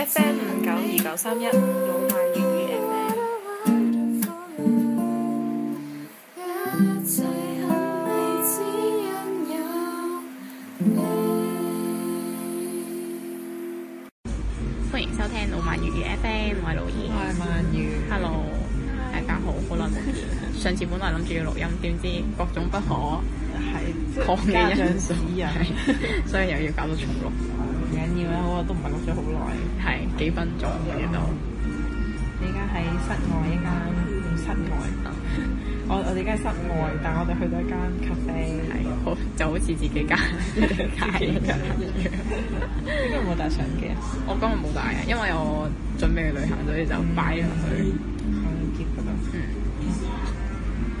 FM 五九二九三一老萬粵語 FM，歡迎收聽老萬粵語 FM，我係老二。我係曼如，Hello，大家好，好耐冇見。上次本來諗住要錄音，點知各種不可，係，家長事啊，所以又要搞到重錄。我都唔係錄咗好耐，係幾分鐘嘅度，嗯、你而家喺室外一間、嗯、室外啊！ 我我哋而家室外，但係我哋去到一間咖啡，係好就好似自己間，自己 一樣搭。依家冇帶相機啊？我今日冇帶啊，因為我準備去旅行，所以就擺咗去。好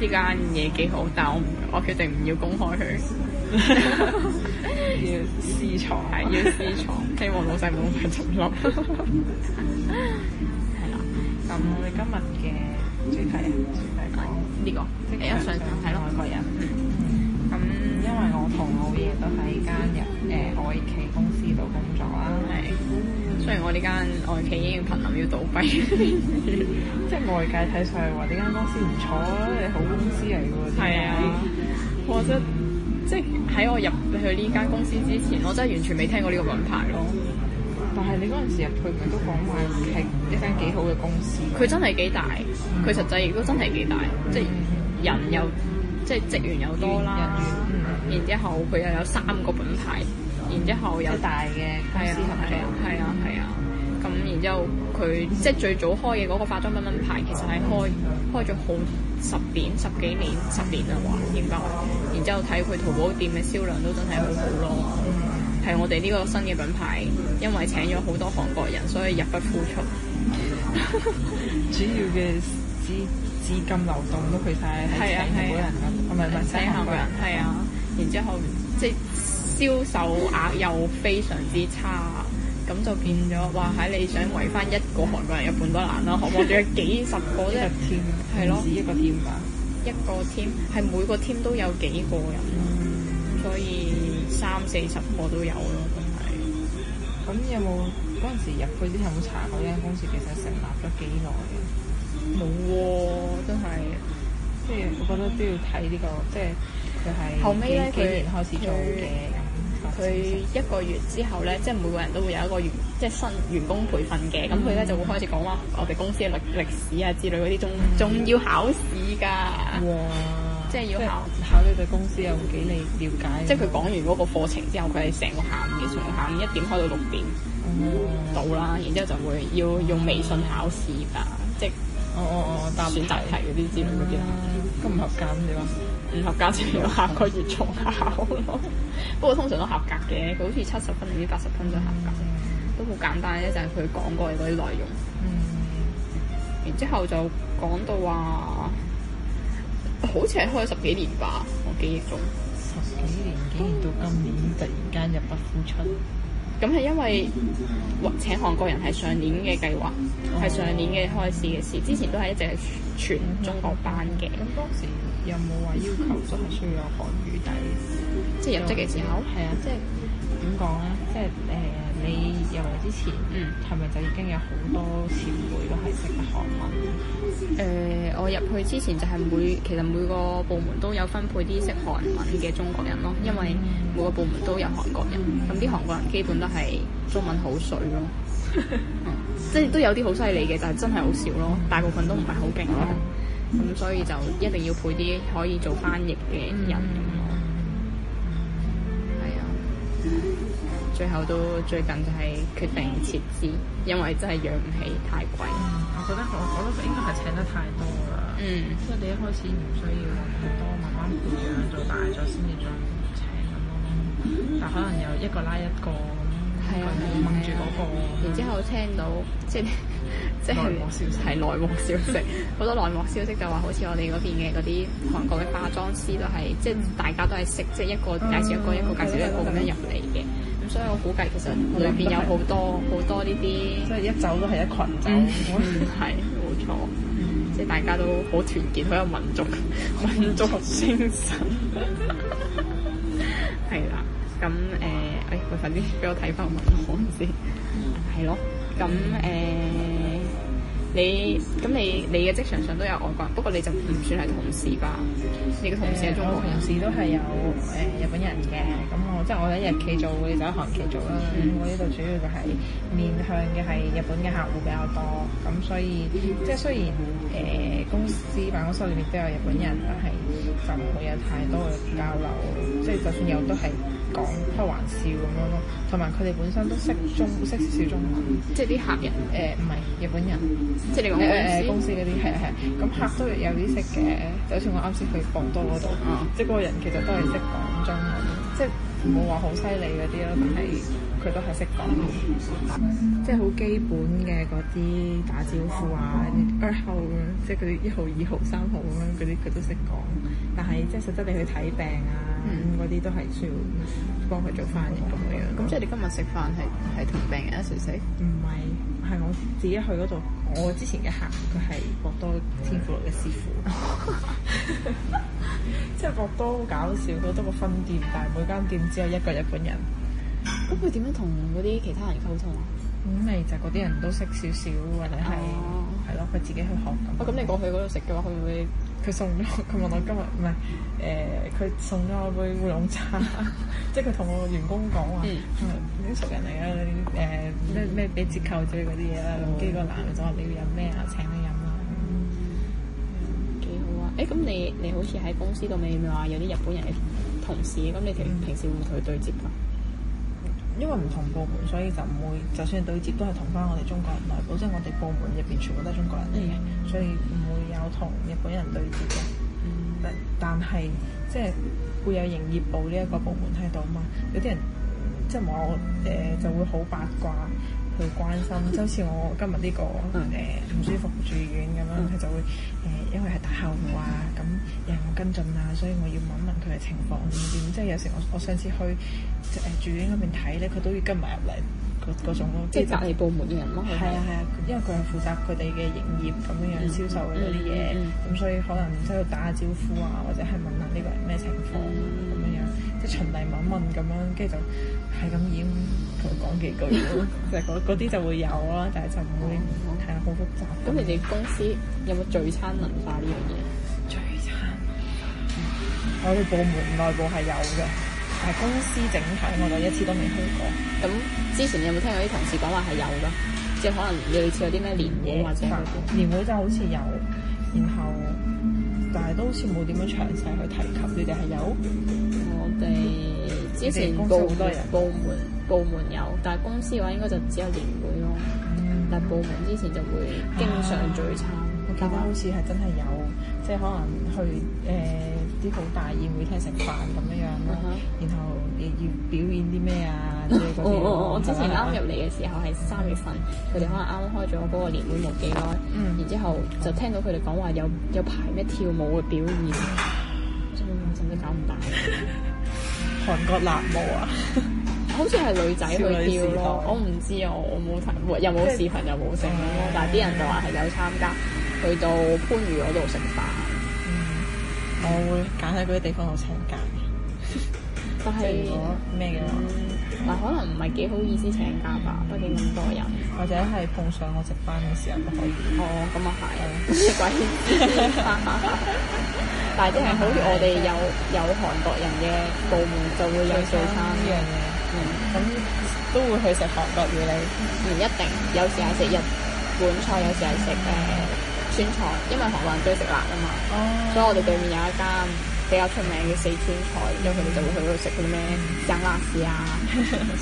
結實，呢間嘢幾好，但係我我決定唔要公開佢。 要私藏，係要私藏。希望老細唔好唔執笠。係啦，咁我哋今日嘅主題啊，主題講呢個，一上外國人。咁因為我同老爺都喺間日誒、呃、外企公司度工作啦，係。雖然我呢間外企已經瀕臨要倒閉， 即係外界睇上去話呢間公司唔錯，係好公司嚟㗎喎。係啊，我覺得。即係喺我入去呢間公司之前，我真係完全未聽過呢個品牌咯。但係你嗰陣時入去佢都講話係一間幾好嘅公司，佢真係幾大，佢實際亦都真係幾大，嗯、即係人又即係職員又多啦。人員嗯，然之後佢又有三個品牌，然之後有大嘅公司同嘅、嗯，係啊係啊。咁、啊啊啊啊、然之後佢即係最早開嘅嗰個化妝品品牌，其實係開開咗好十年，十幾年十年啦，哇！點解？然之後睇佢淘寶店嘅銷量都真係好好咯，係、嗯、我哋呢個新嘅品牌，因為請咗好多韓國人，所以入不敷出。主要嘅資資金流動都去晒。係韓國人啦，唔咪外省韓國人，係啊。然之後即銷售額又非常之差。咁就變咗，話喺你想圍翻一個韓國人入半都難啦、啊，韓國仲有幾十個，即係係咯，一個 team，一個 team 係每個 team 都有幾個人，嗯、所以三四十個都有咯，真係。咁有冇嗰陣時入去之後查下，呢間公司其實成立咗幾耐？冇喎、哦，真係即係我覺得都要睇呢、呢個，即係佢係幾、後尾幾年開始做嘅。佢一個月之後咧，即係每個人都會有一個員，即係新員工培訓嘅。咁佢咧就會開始講話，我哋公司嘅歷歷史啊之類嗰啲，仲仲要考試㗎。哇！即係要考考你對公司有幾你了解。即係佢講完嗰個課程之後，佢係成個下午嘅，從下午一點開到六點到啦。然之後就會要用微信考試㗎，即係哦哦哦，答選擇題嗰啲之類嗰啲啊。咁唔合格點啊？唔合格就要下個月重考咯， 不過通常都合格嘅，佢好似七十分定啲八十分都合格，都好簡單嘅，就係佢講過嘅嗰啲內容。嗯， 然之後就講到話，好似係開咗十幾年吧，我記憶中十幾年，竟然到今年 突然間入不敷出。咁係因為請韓國人係上年嘅計劃，係上年嘅開始嘅事。之前都係一直係全中國班嘅，咁， 嗯嗯、當時有冇話要求就係需要有韓語底，即係入職嘅時候？係啊，即係點講咧？即係誒。就是呃你入嚟之前，嗯，係咪就已經有好多前輩都係識韓文？誒、呃，我入去之前就係每，其實每個部門都有分配啲識韓文嘅中國人咯，因為每個部門都有韓國人，咁啲韓國人基本都係中文好水咯，即係都有啲好犀利嘅，但係真係好少咯，大部分都唔係好勁咯，咁 所以就一定要配啲可以做翻譯嘅人。嗯。最後都最近就係決定撤資，因為真係養唔起太貴。我覺得我我覺得應該係請得太多啦。嗯，即係你一開始唔需要咁多，慢慢培養到大咗，先至再請咁咯。但可能又一個拉一個咁，一個人掹住嗰個。然之後聽到即即係內幕消息，好多內幕消息就話，好似我哋嗰邊嘅嗰啲韓國嘅化妝師都係即大家都係識，即一個介紹一個，一個介紹一個咁樣入嚟嘅。所以我估計，其實裏邊有好多好、嗯、多呢啲，即係一走都係一群走，係冇、嗯、 錯， 即係大家都好團結，好有民族民族， 民族精神，係 啦。 咁誒，誒、呃欸、我頭先俾我睇翻個文先。係 咯。咁誒。呃你咁你你嘅職場上都有外國人，不過你就唔算係同事吧？你嘅同事喺、嗯、同事都係有誒、呃、日本人嘅。咁我即係我喺日企做，你就喺韓企做啦。我呢度主要就係、是、面向嘅係日本嘅客戶比較多，咁、嗯嗯嗯、所以即係雖然誒、呃、公司辦公室裏面都有日本人，但係就唔會有太多嘅交流。即係就算有都，都係。講開玩笑咁樣咯，同埋佢哋本身都識中識少少中文，即係啲客人誒唔係日本人，即係你講公司嗰啲、呃，公司嗰啲係係。咁、嗯嗯嗯嗯嗯、客都有啲識嘅，就好似我啱先去廣州嗰度，哦、即係嗰個人其實都係識講中，即係唔好話好犀利嗰啲咯，但係佢都係識講，即係好基本嘅嗰啲打招呼啊，一號、哦哦嗯嗯、即係佢一號、二號、三號咁樣嗰啲，佢都識講。但係即係實質你去睇病啊，嗰啲、嗯、都係需要幫佢做翻譯咁樣。咁即係你今日食飯係係同病人一齊食？唔係，係我自己去嗰度。我之前嘅客佢係博多天婦羅嘅師傅，即係博多好搞笑，好多個分店，但係每間店只有一個日本人。咁佢點樣同嗰啲其他人溝通啊？咁咪就嗰啲人都識少少，或者係係咯，佢、啊、自己去學咁。咁、啊、你過去嗰度食嘅話，佢會，會？佢送咗，佢問我今日唔係誒？佢、呃、送咗我杯烏龍茶， 即係佢同我員工講話，啲、嗯嗯、熟人嚟㗎，誒咩咩俾折扣之類嗰啲嘢啦。後邊個男嘅就話你要飲咩啊？請你飲啦，嗯嗯、幾好啊！誒、欸、咁你你好似喺公司度咪話有啲日本人嘅同事，咁你平平時會唔會同佢對接㗎？嗯因為唔同部門，所以就唔會就算對接都係同翻我哋中國人來，即係我哋部門入邊全部都係中國人嚟嘅，所以唔會有同日本人對接嘅。嗯。但係即係會有營業部呢一個部門喺度啊嘛，有啲人即係我誒就會好八卦。會關心，就好似我今日呢、這個誒唔、嗯呃、舒服住院咁樣，佢、嗯、就會誒、呃、因為係打後顧啊，咁、嗯、有冇跟進啊，所以我要問一問佢嘅情況點點、嗯。即係有時我我上次去誒住院嗰邊睇咧，佢都要跟埋入嚟嗰嗰種，即係隔離部門嘅人咯。係啊係啊，因為佢係負責佢哋嘅營業咁樣樣銷售嗰啲嘢，咁、嗯嗯嗯、所以可能喺度打下招呼啊，或者係問下呢個人咩情況。即係循例問問咁樣，跟住就係咁已經，同佢講幾句咯。就係嗰啲就會有啦，但係就唔會係好 複雜。咁你哋公司有冇聚餐文化呢樣嘢？聚餐，嗯、我哋部門內部係有嘅，但係公司整體我哋一次都未開過。咁之前你有冇聽過啲同事講話係有咯？即係可能類似有啲咩年會或者、嗯、年會就好似有，然後但係都好似冇點樣詳細去提及。你哋係有？哋之前部部門部門有，但係公司嘅話應該就只有年會咯。但係部門之前就會經常聚餐，我記得好似係真係有，即係可能去誒啲好大宴會廳食飯咁樣樣咯。然後你要表演啲咩啊？哦啲。我之前啱入嚟嘅時候係三月份，佢哋可能啱開咗嗰個年會冇幾耐，然之後就聽到佢哋講話有有排咩跳舞嘅表演，真係搞唔大。韓國辣舞啊， 好似係女仔去跳咯，我唔知啊，我冇睇，又冇視頻又冇聲咯， 但係啲人就話係有參加。去到番禺嗰度食飯，嗯，我會揀喺嗰啲地方度請假， 但係咩嘅？但可能唔係幾好意思請假吧，畢竟咁多人。或者係碰上我值班嘅時候都可以。 哦，咁啊係啊.， 但係啲係好似我哋有有韓國人嘅部門就會有套餐呢樣嘢，嗯，咁都會去食韓國料理，唔一定，有時係食日本菜，有時係食誒川菜，因為韓國人鍾意食辣啊嘛，哦，所以我哋對面有一間比較出名嘅四川菜，因為佢哋就會去度食嗰啲咩香辣絲啊、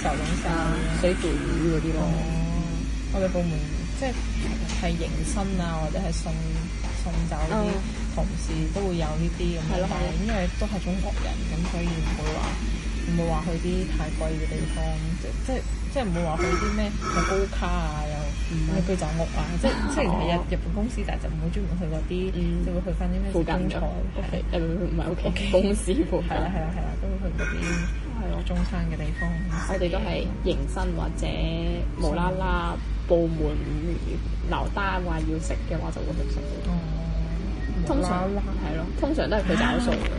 小龍蝦、啊、 水煮魚嗰啲咯。我哋部門即係係迎新生啊，或者係送。送走啲同事都會有呢啲咁樣嘅，因為都係中國人咁，所以唔會話唔會話去啲太貴嘅地方，即即即唔會話去啲咩高卡啊，又咩居酒屋啊，即、嗯、雖然係日日本公司，但係就唔會專門去嗰啲，即、嗯、會去翻啲咩附近嘅唔唔屋企公司附近。係啦，係啦，係啦，都去嗰啲係中餐嘅地方。我哋都係迎新或者無啦啦部門留單話要食嘅話，就會食。通常係咯，啦啦了通常都係佢找數嘅。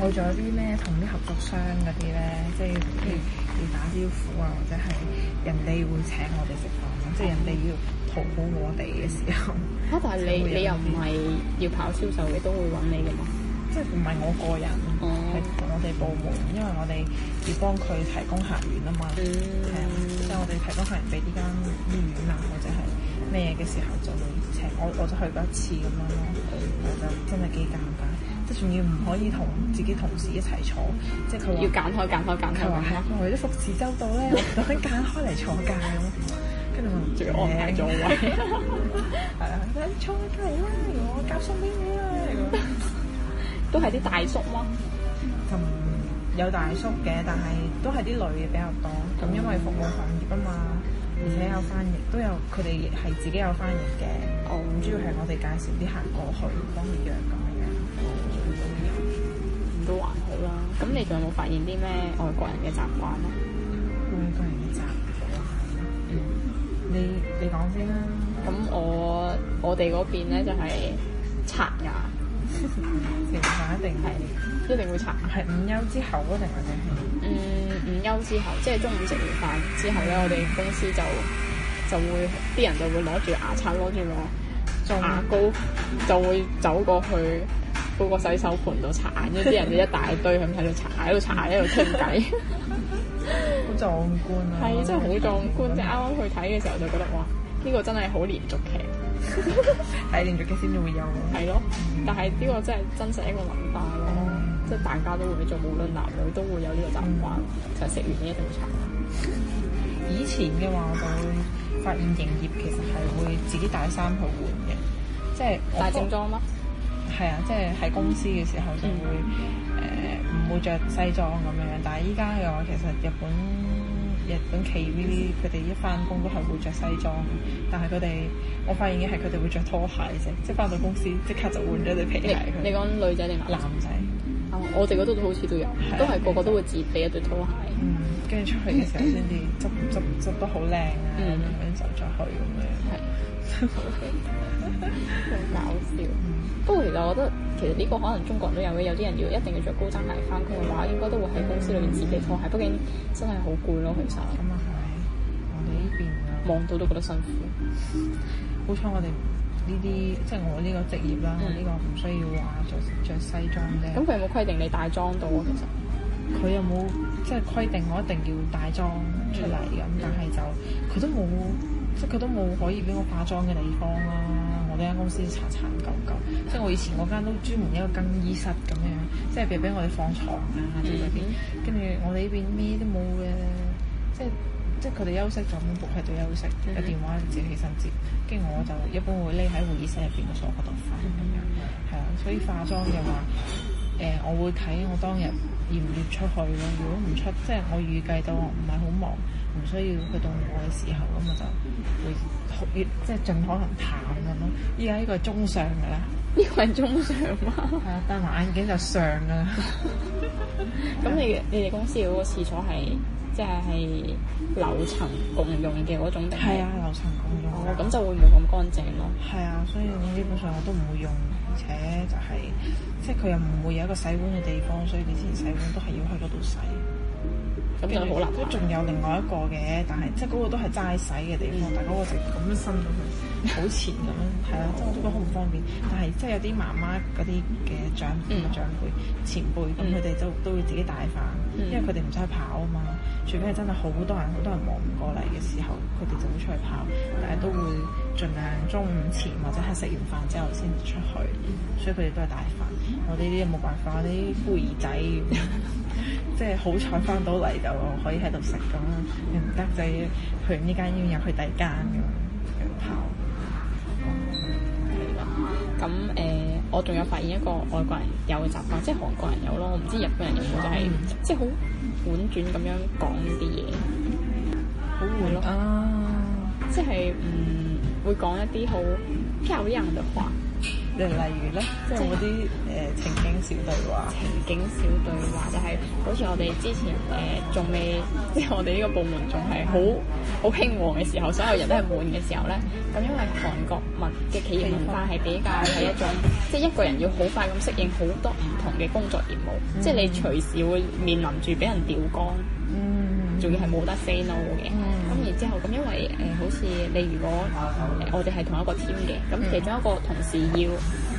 我仲有啲咩同啲合作商嗰啲咧，即係譬如要打招呼啊，或者係人哋會請我哋食飯，嗯、即係人哋要討好我哋嘅時候。嚇、嗯！但係你你又唔係要跑銷售嘅，都會揾你嘅嘛？即係唔係我個人，係、哦、同我哋部門，因為我哋要幫佢提供客源啊嘛。係啊、嗯，嗯、即係我哋提供客人俾呢間醫院啊，或者係咩嘅時候就會。我我就去過一次咁樣咯，我就真係幾尷尬，即係仲要唔可以同自己同事一齊坐，即係佢話要揀開揀開揀開，佢話係我為咗服侍周到咧，我唔可以揀開嚟坐界咁，跟住我仲要安排咗位係啊，坐界啦，我交送畀你啦，都係啲大叔咯，咁有大叔嘅，但係都係啲女嘅比較多咁，因為服務行業啊嘛，而且有翻譯都有佢哋係自己有翻譯嘅。哦，主要係我哋介紹啲行過去幫佢養咁樣，做咁樣，咁、嗯、都還好啦、啊。咁你仲有冇發現啲咩外國人嘅習慣咧？外國人嘅習慣，嗯，嗯，你你講先啦。咁我我哋嗰邊咧就係刷牙食飯， 一定係一定會刷，唔係午休之後嗰陣啊定係？嗯，午休之後，即係中午食完飯之後咧，我哋公司就。就會啲人就會攞住牙刷，攞住個仲牙膏，就會走過去嗰個洗手盆度擦眼。跟住啲人就一大堆，咁喺度擦，喺度擦，喺度傾偈，好壯觀啊！係，真係好壯觀！即係啱啱去睇嘅時候就覺得哇，呢個真係好連續劇，係連續劇先至會有。係咯，但係呢個真係真實一個文化咯，即係大家都會做，無論男女都會有呢個習慣，就係食完呢一道茶。以前嘅話就會。發現營業其實係會自己帶衫去換嘅，即係帶正裝咯。係啊，即係喺公司嘅時候就會誒唔、嗯呃、會着西裝咁樣，但係依家嘅話其實日本日本企業呢啲佢哋一翻工都係會着西裝，但係佢哋我發現嘅係佢哋會着拖鞋啫，即係翻到公司即刻就換咗對皮鞋你。你你講女仔定男仔？生、哦，我哋嗰度好似都有，啊、都係個個都會自備一對拖鞋。嗯。跟住、啊嗯、出去嘅時候先至執執執得好靚啊！咁樣就再去咁樣，係 好搞笑。嗯、不過其實我覺得，其實呢個可能中國人都有嘅，有啲人要一定要着高踭鞋翻工嘅話，應該都會喺公司裏面自己拖鞋。畢、嗯、竟真係好攰咯，其實咁啊係。我哋呢邊啊，望到都覺得辛苦。好彩我哋呢啲，即、就、係、是、我呢個職業啦，呢、這個唔需要話着着西裝嘅。咁佢、嗯嗯嗯、有冇規定你帶裝到啊？其實佢有冇？即係規定我一定要帶妝出嚟咁，但係就佢都冇，即係佢都冇可以俾我化妝嘅地方啦、啊。我哋間公司殘殘舊舊，即係我以前嗰間都專門一個更衣室咁樣，即係俾俾我哋放床啦、啊，即係嗰邊。跟住我哋呢邊咩都冇嘅，即係即係佢哋休息就咁伏喺度休息，有電話自己起身接。跟住我就一般會匿喺會議室入邊個鎖嗰度瞓。係啊、嗯，所以化妝嘅話，誒、呃、我會睇我當日。要唔要出去咯？如果唔出，即係我預計到我唔係好忙，唔需要去到我嘅時候咁我就會越即係盡可能淡咁咯。依家呢個係中上嘅啦，呢個係中上嗎？係啊，戴埋眼鏡就上㗎啦。咁你你哋公司嗰個廁所係即係係樓層共用嘅嗰種地？係啊，樓層共用，咁就會冇咁乾淨咯。係啊，所以我基本上我都唔會用。而且就係、是，即係佢又唔會有一個洗碗嘅地方，所以你之前洗碗都係要去嗰度洗。咁又好難。都仲有另外一個嘅，但係即係嗰個都係齋洗嘅地方，嗯、但係嗰個就咁樣伸咗去。好 前咁樣係啦，都我都覺得好唔方便。但係真係有啲媽媽嗰啲嘅長輩、嗯、長輩、前輩咁，佢哋、嗯、就都會自己帶飯，嗯、因為佢哋唔使去跑啊嘛。除非係真係好多人、好多人忙唔過嚟嘅時候，佢哋就會出去跑，但係都會盡量中午前或者係食完飯之後先出去，所以佢哋都係帶飯。我哋呢啲冇辦法，我哋啲孤兒仔即係好彩翻到嚟就可以喺度食咁，唔得仔，要去呢間醫院入去第二間咁跑。咁誒、呃，我仲有發現一個外國人有嘅習慣，即係韓國人有咯，我唔知日本人有冇？就係，就係、嗯、即係好婉轉咁樣講啲嘢，好會咯，啊、即係嗯會講一啲好吸引嘅話。例如咧，即係嗰啲誒情景小對話，情景小對話就係、是、好似我哋之前誒仲、呃、未，即係我哋呢個部門仲係好好興旺嘅時候，所有人都係滿嘅時候咧。咁因為韓國文嘅企業文化係比較係一種， 即係一個人要好快咁適應好多唔同嘅工作業務，嗯、即係你隨時會面臨住俾人調崗，嗯，仲要係冇得 say no 嘅。嗯嗯。之後咁，因為誒、呃、好似你如果、oh. 我哋係同一個 team 嘅，咁其中一個同事要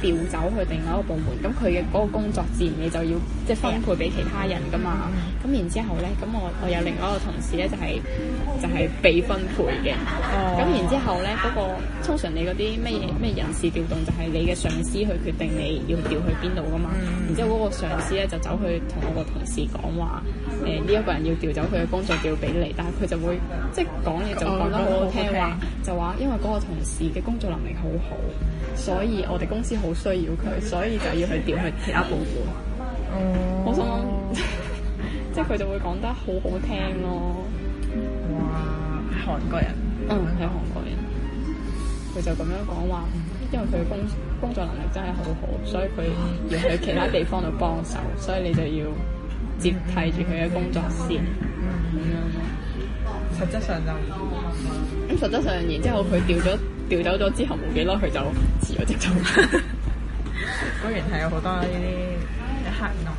調走去另外一個部門，咁佢嘅嗰個工作自然你就要即係、就是、分配俾其他人噶嘛。咁、oh. 然之後咧，咁我我有另外一個同事咧就係、是、就係、是、被分配嘅。咁、oh. 然之後咧，嗰、那個通常你嗰啲咩嘢咩人事調動就係你嘅上司去決定你要調去邊度噶嘛。Oh. 然之後嗰個上司咧就走去同我個同事講話。誒，呢一個人要調走佢嘅工作，調俾你，但係佢就會、嗯、即係講嘢就講得好好聽，話就話、嗯、因為嗰個同事嘅工作能力好好，所以我哋公司好需要佢，所以就要去調去其他部門。哦、嗯，我想響、啊、 即係佢就會講得好好聽咯、啊。哇，韓國人，嗯，係、嗯、韓國人。佢就咁樣講話，因為佢嘅工工作能力真係好好，所以佢要去其他地方度幫手，所以你就要。 接替住佢嘅工作線，嗯咁樣，嗯嗯，實質上就唔多啦。咁，嗯、實質上，然之後佢調咗調走咗之後，冇幾耐佢就辭咗職走。 果然係有好多呢啲黑暗。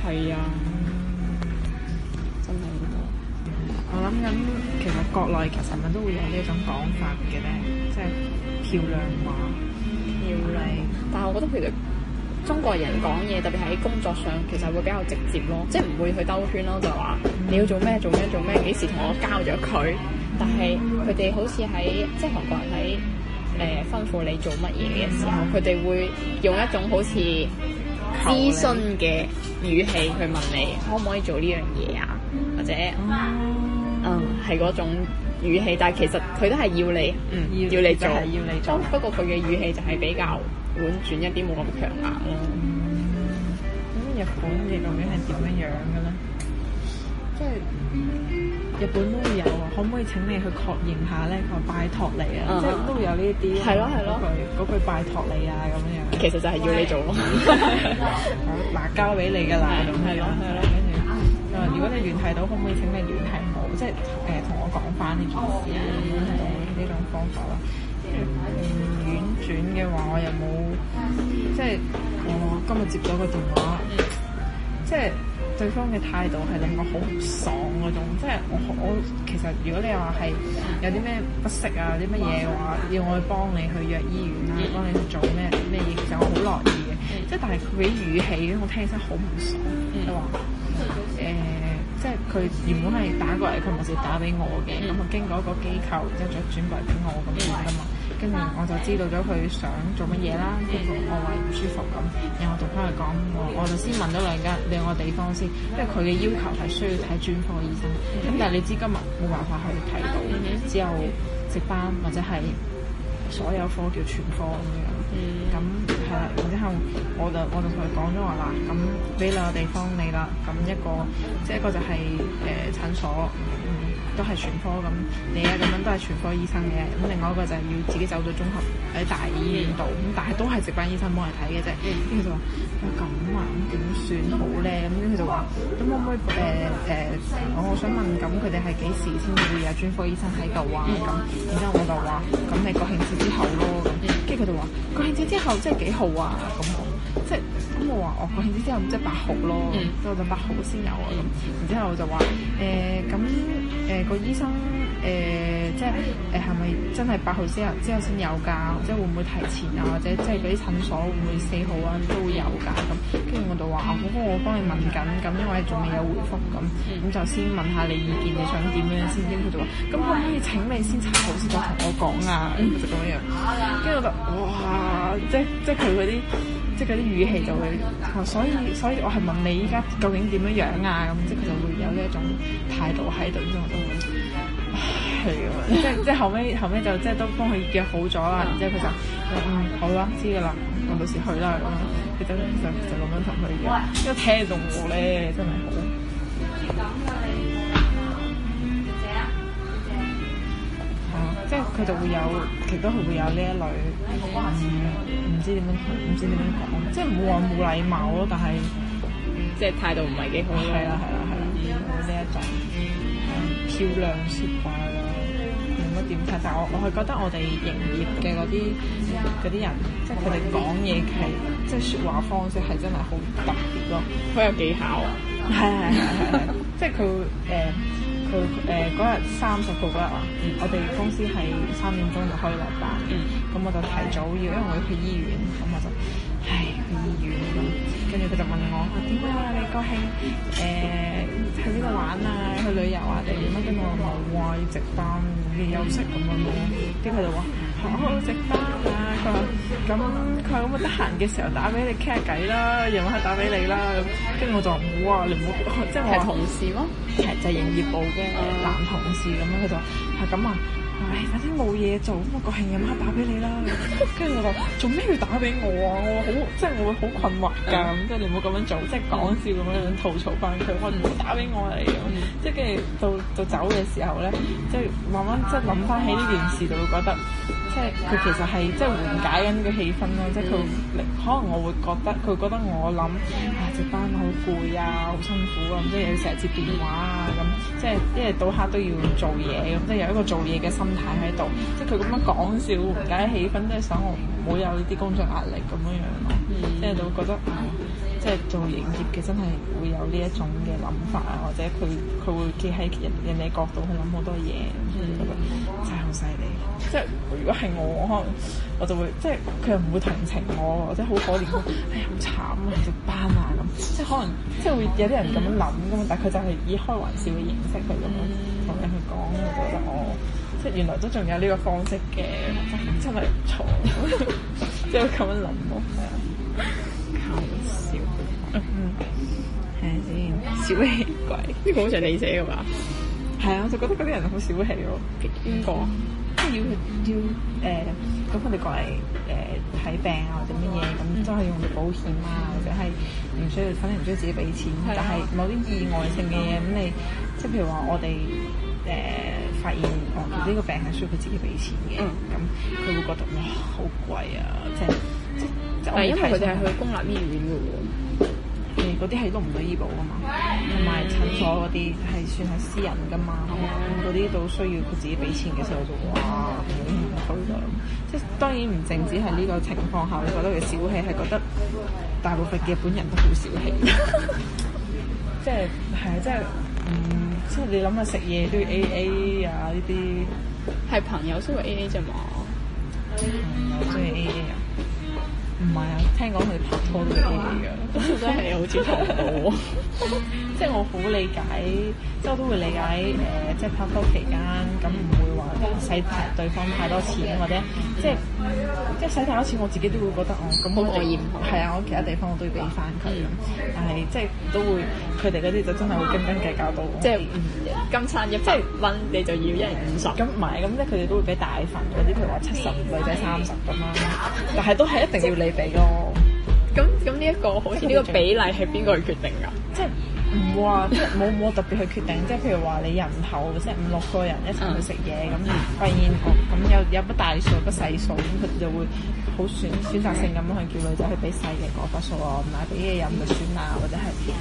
係 啊，真係好多。我諗緊，其實國內其實咪都會有呢一種講法嘅咧，即、就、係、是、漂亮話、漂亮，但係我覺得其實。中國人講嘢特別喺工作上其實會比較直接咯，即係唔會去兜圈咯，就話你要做咩做咩做咩，幾時同我交咗佢？但係佢哋好似喺即係韓國人喺誒、呃、吩咐你做乜嘢嘅時候，佢哋會用一種好似諮詢嘅語氣去問你可唔可以做呢樣嘢啊？或者嗯係嗰、嗯、種語氣，但係其實佢都係要你嗯要你，要你做，要你做，不過佢嘅語氣就係比較。婉轉一啲冇咁強硬咯。咁、嗯、日本你究竟係點樣樣嘅咧？即係、就是、日本都會有，可唔可以請你去確認下咧？佢拜託你啊，即係、嗯、哼都會有呢啲、啊，係咯係咯，佢嗰句拜託你啊咁樣樣，其實就係要你做咯，嗱喂 交俾你噶啦，係咯係咯，跟住如果你聯繫到，可唔可以請你聯繫 我？即係誒同我講翻呢件事啊，呢種方法啦。嗯轉嘅話，我又冇即係我、哦、今日接到個電話，嗯、即係對方嘅態度係令我好唔爽嗰種。即係我我其實如果你話係有啲咩不適啊，有啲乜嘢嘅話，要我去幫你去約醫院啊，幫你去做咩咩嘢，其實我好樂意嘅。嗯、即係但係佢啲語氣我聽起身好唔爽。佢話誒，即係佢原本係打過嚟，佢唔係直接打俾我嘅，咁啊經過一個機構，然之後再轉過嚟俾我咁樣噶嘛。嗯嗯我就知道咗佢想做乜嘢啦，佢個胃唔舒服咁，然後我同佢講，我我就先問咗兩間兩個地方先，因為佢嘅要求係需要睇專科醫生，咁但係你知今日冇辦法去睇到，只有值班或者係所有科叫全科咁樣，咁係啦，然之後我就我就同佢講咗話啦，咁俾兩個地方你啦，咁一個即係、就是、一個就係誒診所。都係全科，咁你啊，咁樣都係全科醫生嘅咁，另外一個就係要自己走到綜合喺大醫院度咁，但係都係值班醫生幫你睇嘅啫。咁佢就話：，咁啊，咁點算好咧？咁，跟住佢就話：，咁可唔可以誒誒，我、呃呃、我想問咁佢哋係幾時先會有專科醫生喺度啊？咁，然之後我就話：，咁你國慶節之後咯。咁，跟住佢就話：，國慶節之後即係幾號啊？咁。咁我話哦，嗰陣時之後即八號咯，即、嗯、我等八號先有啊咁。然之後我就話誒，咁、欸、誒、欸個醫生誒、欸，即誒係咪真係八號先有，之後先有㗎、啊？即會唔會提前啊？或者即係嗰啲診所會唔會四號啊都會有㗎、啊、咁？跟住我就話：好，好，個我幫你問緊，咁因為仲未有回覆咁，咁就先問下你意見，你想點樣先？跟住佢就話：咁可唔可以請你先查好先再同我講啊？就咁、嗯、樣。跟住我話：哇！即即佢嗰啲。即係啲語氣就會，哦、所以所以我係問你依家究竟點樣樣啊？咁、嗯、即佢就會有呢一種態度喺度，咁我都會係嘅。 即係即係後尾後尾就即係都幫佢約好咗、 嗯、啦。然之後佢就嗯好啊，知㗎啦，我到時去啦咁樣。佢就就就咁樣同佢約，因為聽中我咧真係好。即係佢就會有，其實都係會有呢一類，唔唔知點樣，唔知點樣講，即係冇話冇禮貌咯，但係即係態度唔係幾好。係啦，係啦，係啦。呢一種漂亮説話咯，點都點睇？但係我我係覺得我哋營業嘅嗰啲啲人，即係佢哋講嘢係，即係説話方式係真係好特別咯，好有技巧。係係係係，即係佢會誒。誒嗰、呃、日三十號嗰日啊，我哋公司係三點鐘就可以落班，嗯，咁我就提早要，因為我要去醫院，咁我就，唉，去醫院咁，跟住佢就問我，點解、啊、你國慶誒去邊度玩啊，去旅遊啊定點乜跟住，我話冇啊，要值班要休息咁樣，咁佢就話，我食飯啊！佢話咁，佢話咁啊，我得閒嘅時候打俾你傾下偈啦，夜晚黑打俾你啦。跟住我就話唔好啊，你唔好即係我同事嗎？其實就係營業部嘅男同事咁樣，佢就話係咁啊。嗯反正冇嘢做咁，國慶日晚黑打俾你啦。跟住 我話做咩要打俾我啊？我好即係、就是、我會好困惑㗎。咁、嗯、即係你唔好咁樣做，即係講笑咁樣吐槽翻佢。我唔打俾我嚟、啊嗯，即係到到走嘅時候咧，即係慢慢即係諗翻起呢件事就會覺得，即係佢其實係即係緩解緊個氣氛咯。嗯、即係佢，可能我會覺得佢覺得我諗，唉，值班好攰啊，好、啊、辛苦啊，咁即係要成日接電話啊，咁、嗯、即係即係一日到黑都要做嘢咁，即係有一個做嘢嘅心態。喺度，即係佢咁樣講笑唔解氣氛，即係想我冇有呢啲工作壓力咁樣樣咯，嗯、即係就會覺得，啊、即係做營業嘅真係會有呢一種嘅諗法啊，或者佢佢會企喺人人哋角度去諗好多嘢，咁樣覺得真係好犀利。嗯、即係如果係我，我可能我就會即係佢又唔會同情我，或者好可憐，哎好慘啊，隻斑啊咁，即係可能即係會有啲人咁樣諗噶嘛，但係佢就係以開玩笑嘅形式去咁同你去講，我覺得我。原來都仲有呢個方式嘅，真係真係唔錯。即係咁樣諗都係啊，搞笑。嗯，係啊先，小氣鬼。呢個好似係你寫嘅吧？係啊，我就覺得嗰啲人好小氣咯。邊個、uh,？即係要要誒，咁佢哋過嚟誒睇病啊，或者乜嘢咁，都係用保險啊，或者係唔需要，肯定唔需要自己俾錢。但係某啲意外性嘅嘢咁，你即係譬如話我哋。誒、呃、發現哦，呢、嗯這個呢個病係需要佢自己俾錢嘅，咁佢、um. 會覺得哇好貴啊！即係即即我因為佢哋係去公立醫院嘅喎，誒嗰啲係都唔到醫保噶嘛，同、嗯、埋診所嗰啲係算係私人噶嘛，嗰啲、嗯、都需要佢自己俾錢嘅時候就哇唔去咗。嗯」即係、嗯、當然唔淨止係呢個情況下，你覺得佢小氣係覺得大部分嘅本人都好小氣，即係係啊，即、就、係、是、 嗯。即係你諗下食嘢都要 A A 啊呢啲，係朋友先會 A A 咋嘛？朋友中意 A A 啊？唔係啊，聽講佢拍拖都係 A A 噶，咁我真係好支持。即係我好理解，即係我都會理解誒，即係拍拖期間咁唔會話使太對方太多錢或者，即係即係使太多錢，我自己都會覺得哦咁，我係啊，我其他地方我都要俾翻佢，但係即係都會。佢哋嗰啲就真係會斤斤計較到，即係嗯，金餐入，即係揾你就要一人五十。咁唔係，咁即係佢哋都會俾大份嗰啲，譬如話七十女仔三十咁樣。但係都係一定要你俾咯。咁咁呢一個，呢個比例係邊個去決定㗎？即係唔話，冇冇特別去決定。即係 譬如話你人口，即係五六個人一齊去食嘢咁，發現哦咁有有乜大數，乜細數咁，佢就會好選 選擇性咁去叫女仔去俾細嘅嗰個數，我買啲嘢飲咪算啦，或者係。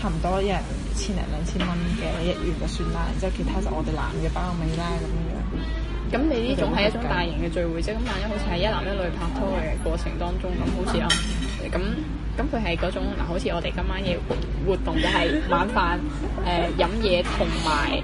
差唔多一人千零兩千蚊嘅，一月就算啦，然之後其他就我哋男嘅包尾啦咁樣。咁你呢種係一種大型嘅聚會啫，咁萬一好似係一男一女拍拖嘅過程當中，咁好似啊，咁咁佢係嗰種嗱，好似我哋今晚嘅活動就係晚飯誒飲嘢同埋。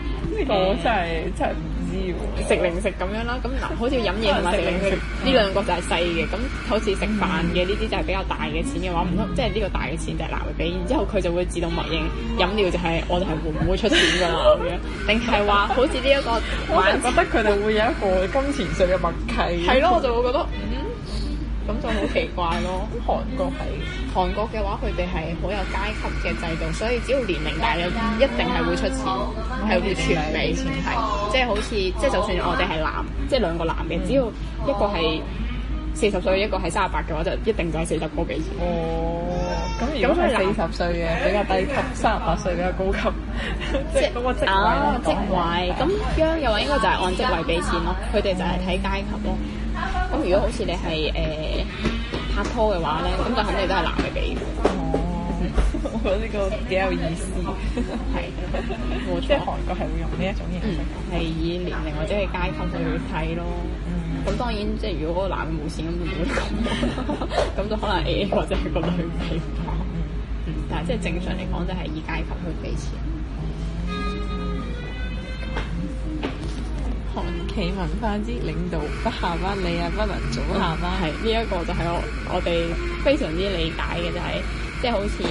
我真係真係。食零食咁樣啦，咁嗱，好似飲嘢同埋食零食呢 兩個就係細嘅，咁好似食飯嘅呢啲就係比較大嘅錢嘅話，唔通即係呢個大嘅錢就嗱會俾，然之後佢就會自動默認、mm hmm. 飲料就係我哋係會唔會出錢嘅啦咁定係話 好似呢一個， 我覺得佢哋會,會有一個金錢上嘅默契。係咯，我就會覺得嗯。 咁就好奇怪咯！韓國係韓國嘅話，佢哋係好有階級嘅制度，所以只要年齡大嘅，一定係會出錢，係會全俾錢，係即係好似即係就算我哋係男，即係兩個男嘅，只要一個係四十歲，一個係三十八嘅話，就一定就係四十個幾錢哦。咁如果四十歲嘅比較低級，三十八歲比較高級，即係嗰個職位，職位咁樣嘅話，應該就係按職位俾錢咯。佢哋就係睇階級咯。咁如果好似你係誒、呃、拍拖嘅話咧，咁就肯定都係男嘅俾。哦，我覺得呢個幾有意思。係， 即係韓國係會用呢一種嘢嚟講。係以年齡或者係階級去睇咯。咁、嗯、當然，即係如果個男嘅冇錢咁都唔會講，咁 就可能 AA 或者係個女去俾。嗯、但係即係正常嚟講就係以階級去俾錢。韓企文化之領導不下班，你啊不能早下班。係呢一個就係我我哋非常之理解嘅，就係即係好似誒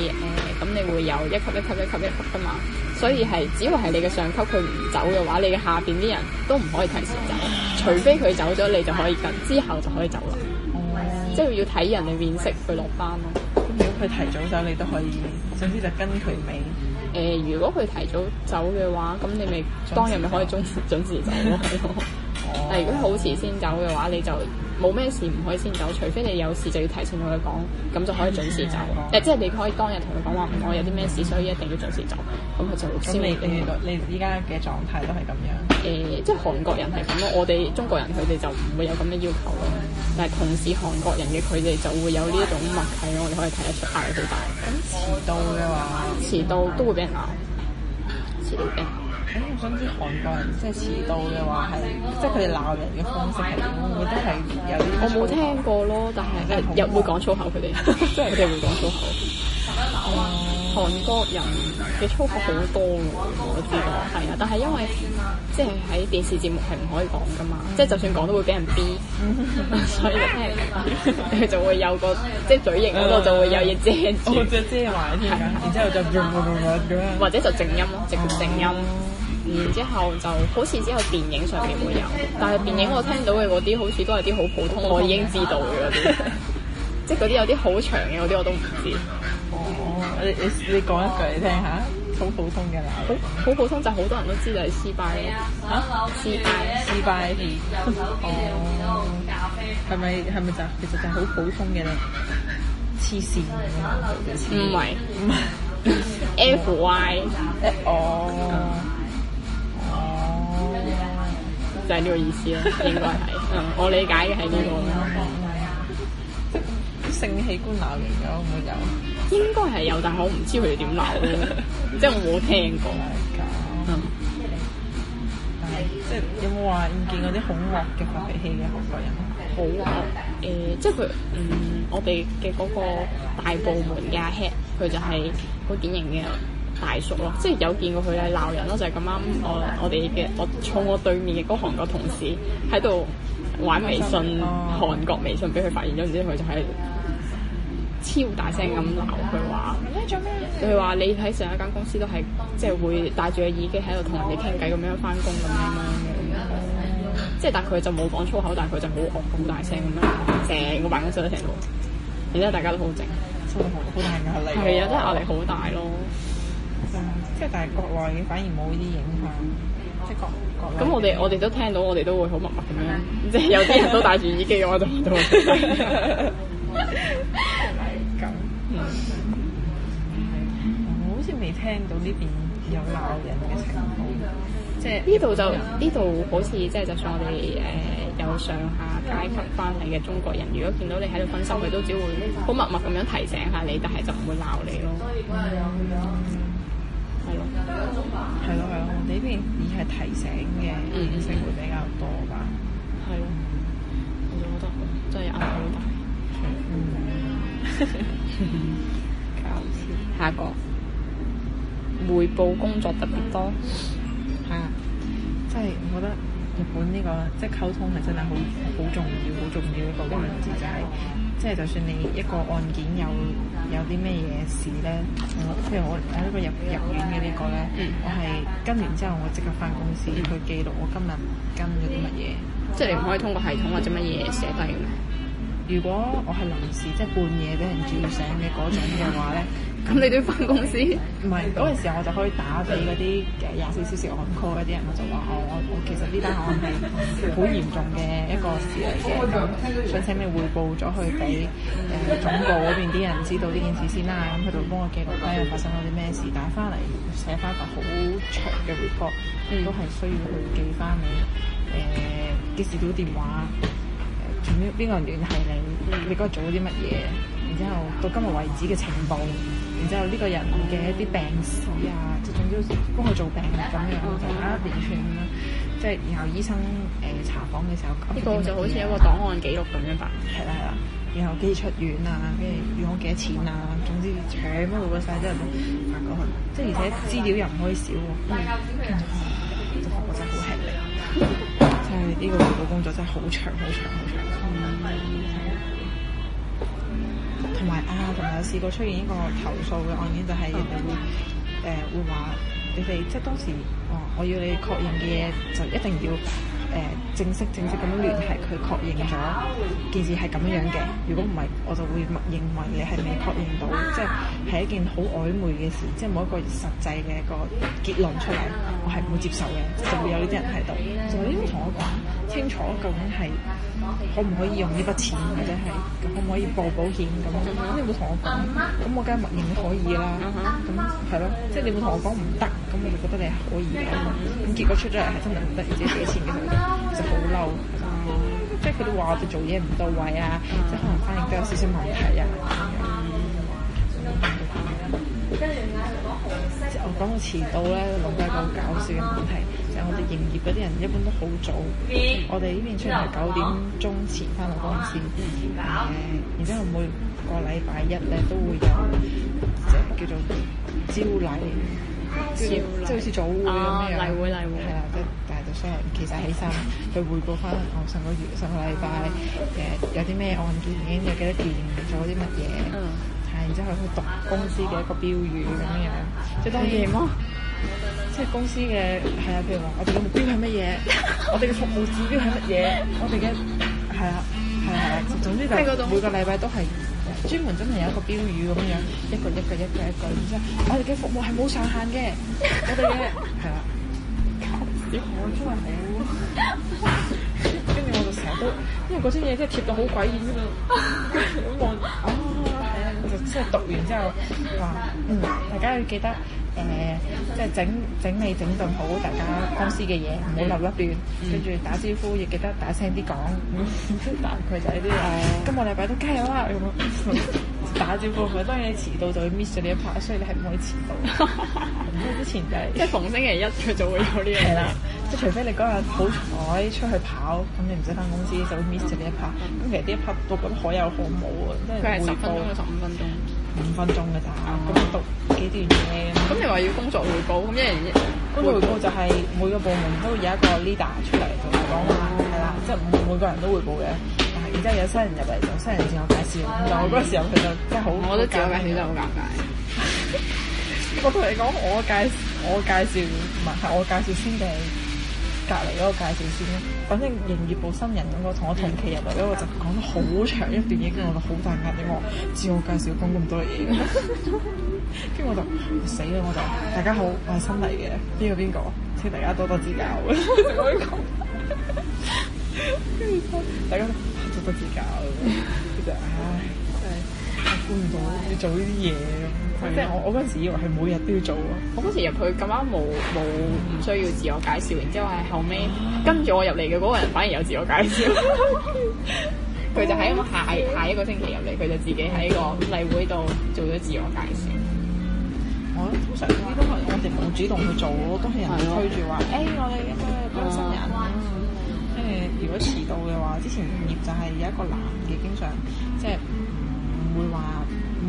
咁你會有一級一級一級一級㗎嘛，所以係只要係你嘅上級佢唔走嘅話，你嘅下邊啲人都唔可以提前走，除非佢走咗你就可以跟，之後就可以走啦。哦、嗯，即係要睇人哋面色去落班咯。如果佢提早走你都可以，總之就跟佢尾。誒，如果佢提早走嘅話，咁你咪當日咪可以準時準時走咯。 但係如果好遲先走嘅話，你就冇咩事唔可以先走，除非你有事就要提前同佢講，咁就可以準時走。誒、嗯，呃、即係你可以當日同佢講話，我有啲咩事，所以一定要準時走。咁佢就先你你你依家嘅狀態都係咁樣。誒、呃，即係韓國人係咁咯，我哋中國人佢哋就唔會有咁嘅要求咯。但係同時韓國人嘅佢哋就會有呢一種默契咯，我哋可以睇得出壓力好大。咁遲到嘅話，遲到都會畀人鬧，遲到人。遲到咁、嗯、我想知韓國人即係遲到嘅話係，嗯、即係佢哋鬧人嘅方式係點？會、嗯、都係有啲我冇聽過咯，但係即係有會講粗口，佢哋即係佢哋會講粗口。嗯、韓國人。嘅粗口好多㗎，我知道，係啊，但係因為即係喺電視節目係唔可以講㗎嘛，即係就算講都會俾人 B，所以佢就會有個即係嘴型嗰度就會有嘢遮住，遮埋添，然之後就唔唔唔咁樣，或者就靜音咯，直接靜音，然之後就好似只有電影上面會有，但係電影我聽到嘅嗰啲好似都係啲好普通，我已經知道嘅嗰啲，即係嗰啲有啲好長嘅嗰啲我都唔知。你你你講一句你聽下，好普通嘅鬧，好普通就好多人都知就係失敗，嚇失敗失敗哦，係咪係咪就其實就係好普通嘅啦，黐線唔係唔係，F Y 哦哦，就係呢個意思啦，應該係我理解嘅係呢個啦，即性器官鬧嚟㗎，沒有。應該係有，但係 我唔知佢哋點鬧咧，即係我冇聽過。咁。 但係即係有冇話見過啲好惡嘅發脾氣嘅韓國人？好惡誒，即係佢嗯，我哋嘅嗰個大部門嘅 head，佢就係好典型嘅大叔咯。即係有見過佢係鬧人咯，就係咁啱我我哋嘅我坐我對面嘅嗰個韓國同事喺度玩微信，嗯、韓國微信俾佢發現咗，然之後佢就喺、是。超大聲咁鬧佢話，你做咩？佢話你喺上一間公司都係即係會戴住個耳機喺度同人哋傾偈咁樣返工咁樣，嗯嗯、即係但佢就冇講粗口，但佢就冇惡咁大聲咁樣，成個、嗯、正辦公室都聽到，然之後大家都好靜，心寒，好大壓力、哦？係 啊，即係壓力好大咯。嗯、即係但係國內嘅反而冇呢啲影響，即係國,國內。咁我哋我哋都聽到，我哋都會好默默咁樣，嗯、即係有啲人都戴住耳機，我就都。 聽到呢邊有鬧人嘅情況，即係呢度就呢度好似即係，就算我哋誒有上下階級關係嘅中國人，如果見到你喺度分心，佢都只會好默默咁樣提醒下你，但係就唔會鬧你咯。所以我係咯係咯，我哋呢邊而係提醒嘅性會比較多吧。係咯，我就覺得真係壓力好大。搞笑，下個。匯報工作特別多，嚇、啊！即、就、係、是、我覺得日本呢、這個即係、就是、溝通係真係好好重要、好重要一個嘅環節、就是，就係即係就算你一個案件有有啲咩嘢事咧，我譬如我我呢、這個入入院嘅呢、這個咧，嗯、我係跟完之後我即刻返公司、嗯、去記錄我今日跟咗啲乜嘢，嗯、即係你唔可以通過系統或者乜嘢寫低嘅。如果我係臨時即係、就是、半夜俾人叫醒嘅嗰種嘅話咧。 咁你都要翻公司？唔係嗰陣時候，我就可以打俾嗰啲誒廿四小時 on call 嗰啲人我，我就話我我我其實呢單案係好嚴重嘅一個事嚟嘅，想請你匯報咗去俾誒總部嗰邊啲人知道呢件事先啦。咁佢就幫我記錄翻有發生咗啲咩事，打翻嚟寫翻份好長嘅 report，都係需要去記翻你誒嘅事到電話，誒邊邊個人聯繫你，你嗰日做咗啲乜嘢，然之後到今日為止嘅情報。然之後呢個人嘅一啲病史啊，即係總之幫佢做病咁樣，就啊編存啦，即係然後醫生誒查房嘅時候，呢個就好似一個檔案記錄咁樣吧。係啦係啦，然後幾時出院啊，跟住用我幾多錢啊，總之，誒乜都搵晒啲人辦過去。即係而且資料又唔可以少喎。嗯。就發覺真係好吃力，真係呢個服務工作真係好長好長好長。同埋啊，同埋有，有試過出現呢個投訴嘅案件，就係人哋會誒、呃、會話你哋，即係當時，哦，我要你確認嘅嘢就一定要誒、呃、正式正式咁樣聯繫佢確認咗件事係咁樣嘅。如果唔係，我就會默認為你係未確認到，即係係一件好曖昧嘅事，即係冇一個實際嘅一個結論出嚟，我係唔會接受嘅，就會有呢啲人喺度，嗯、就以呢啲同我講清楚究竟係。可唔可以用呢筆錢、啊，或者係可唔可以報保險咁、啊？咁你有冇同我講？咁我梗係默認你可以、啊、啦。咁係咯，即係你有冇同我講唔得？咁我就覺得你可以啦。咁結果出咗嚟係真係唔得，自己借錢嘅時候其實好嬲，即係佢哋話我哋做嘢唔到位啊，即係可能翻譯都有少少問題啊。跟住我講到遲到咧，諗到一個好搞笑嘅問題。就我哋營業嗰啲人一般都好早，我哋呢邊出嚟係九點鐘前翻到公司。誒、嗯，然之後每個禮拜一咧都會有誒、嗯、叫做朝禮，即係禮好似早會咁樣。例、哦、會例會係啦，即係大係就商量企曬起身去匯報翻我上個月、上個禮拜誒有啲咩案件，已經有幾多件，做咗啲乜嘢。嗯。然之後去讀公司嘅一個標語咁樣，即係當然咯。即係公司嘅係啊，譬如話我哋嘅目標係乜嘢， 我哋嘅服務指標係乜嘢，我哋嘅係啊係啊係啊，啊啊、總之就每個禮拜都係專門真係有一個標語咁樣， 一句一個一個一個一個，然之後我哋嘅服務係冇上限嘅， 我哋嘅係啦。我真係好、啊，跟住 我就成日都，因為嗰啲嘢真係貼到好詭異咯。好悶啊，係啊，即、就、係、是、讀完之後，話，嗯，大家要記得。誒，即係整整理整頓好大家公司嘅嘢，唔好留一段。跟住打招呼，亦記得大聲啲講。但佢就係啲啊，今個禮拜都加油啦！打招呼。當然你遲到就會 miss 咗呢一 part，所以你係唔可以遲到。因為之前即係逢星期一，佢就會有呢樣嘢。係啦，即係除非你嗰日好彩出去跑，咁你唔使返公司就會 miss 咗呢一 part。咁其實呢一 part 都好可有可冇啊，即係每次十五分鐘，五分鐘嘅咋咁都。幾段嘢，咁你話要工作匯報，咁一人一工作匯報就係每個部門都有一個 leader 出嚟同你講話，係、嗯、啦，即係每每個人都匯報嘅。嗯、然之後有新人入嚟，就新人自我介紹。我嗰時候佢就真係好，我都尷尬，其實好尷尬。我同你講我介我介紹，唔係，係我介紹先定隔籬嗰個介紹先？反正營業部新人嗰個同我同期入嚟嗰個就講得好長一段嘢，跟住我就好大壓力，我自我介紹講咁多嘢。 跟住我就死啦！我就大家好，我係新嚟嘅，邊個邊個，請大家多多指教。大家多多指教。其實唉，我估唔到要做呢啲嘢，即係我我嗰陣時以為係每日都要做啊。我嗰時入去咁啱冇冇唔需要自我介紹，然之後係後尾跟住我入嚟嘅嗰個人反而有自我介紹。佢 就喺咁下 下一個星期入嚟，佢就自己喺個例會度做咗自我介紹。通常呢啲都係我哋冇主動去做咯，都係人哋推住話，誒的、欸、我哋有個新人，跟住、嗯、如果遲到嘅話，之前業就係有一個男嘅，經常即係唔會話。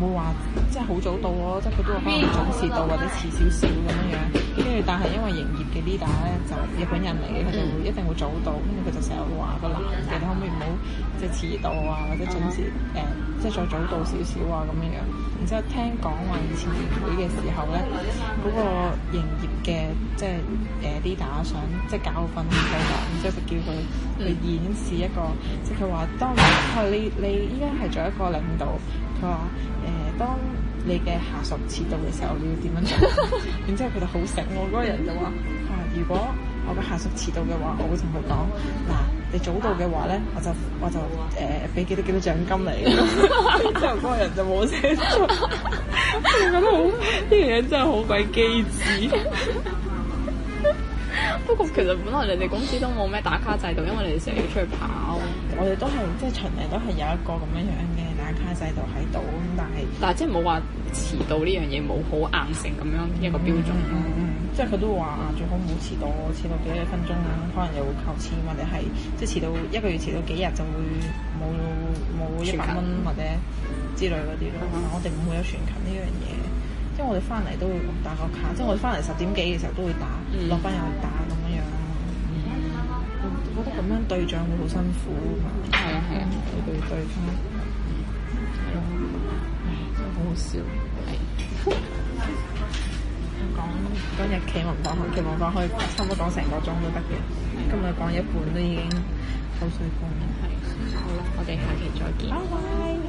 冇話即係好早到咯，哦，即係佢都話可能準時到或者遲少少咁樣樣，跟住但係因為營業嘅 leader 咧就日本人嚟嘅，佢哋會一定會早到，跟住佢就成日會話個男嘅，你可唔可以唔好即係遲到啊，或者準時誒、uh huh. 嗯，即係再早到少少啊咁樣樣。然之後聽講話以前年會嘅時候咧，嗰、那個營業嘅即係誒、呃、leader 想即係教訓佢哋啦，然之後就叫佢去演示一個，uh huh. 即係佢話當、啊、你你你依家係做一個領導。佢話誒，當你嘅下屬遲到嘅時候，你要點樣？然之後佢就好醒我嗰個人就話，啊，如果我嘅下屬遲到嘅話，我會同佢講，嗱，你早到嘅話咧，我就我就誒俾幾多幾多獎金你。之後嗰個人就冇聲。我覺得好，呢樣嘢真係好鬼機智。不過其實本來你哋公司都冇咩打卡制度，因為你哋成日要出去跑。我哋都係即係循例都係有一個咁樣樣。制度喺度咁，但係但係即係冇話遲到呢樣嘢冇好硬性咁樣一個標準。嗯嗯，嗯，即係佢都話啊，最好唔好遲到，遲到幾多分鐘可能又會扣錢，或者係即係遲到一個月遲到幾日就會冇冇一百蚊或者之類嗰啲咯。全勤。可能我哋唔會有全勤呢樣嘢，即係我哋翻嚟都會打個卡，即係我哋翻嚟十點幾嘅時候都會打，落班又會打咁樣樣。嗯，覺得咁樣對象會好辛苦。係啊係啊，對對對好笑係講講日企文化，日企文化可以差唔多講成個鐘都得嘅，的今日講一半都已經好舒服啦，係，好啦，我哋的、okay，下期再見。拜拜 bye bye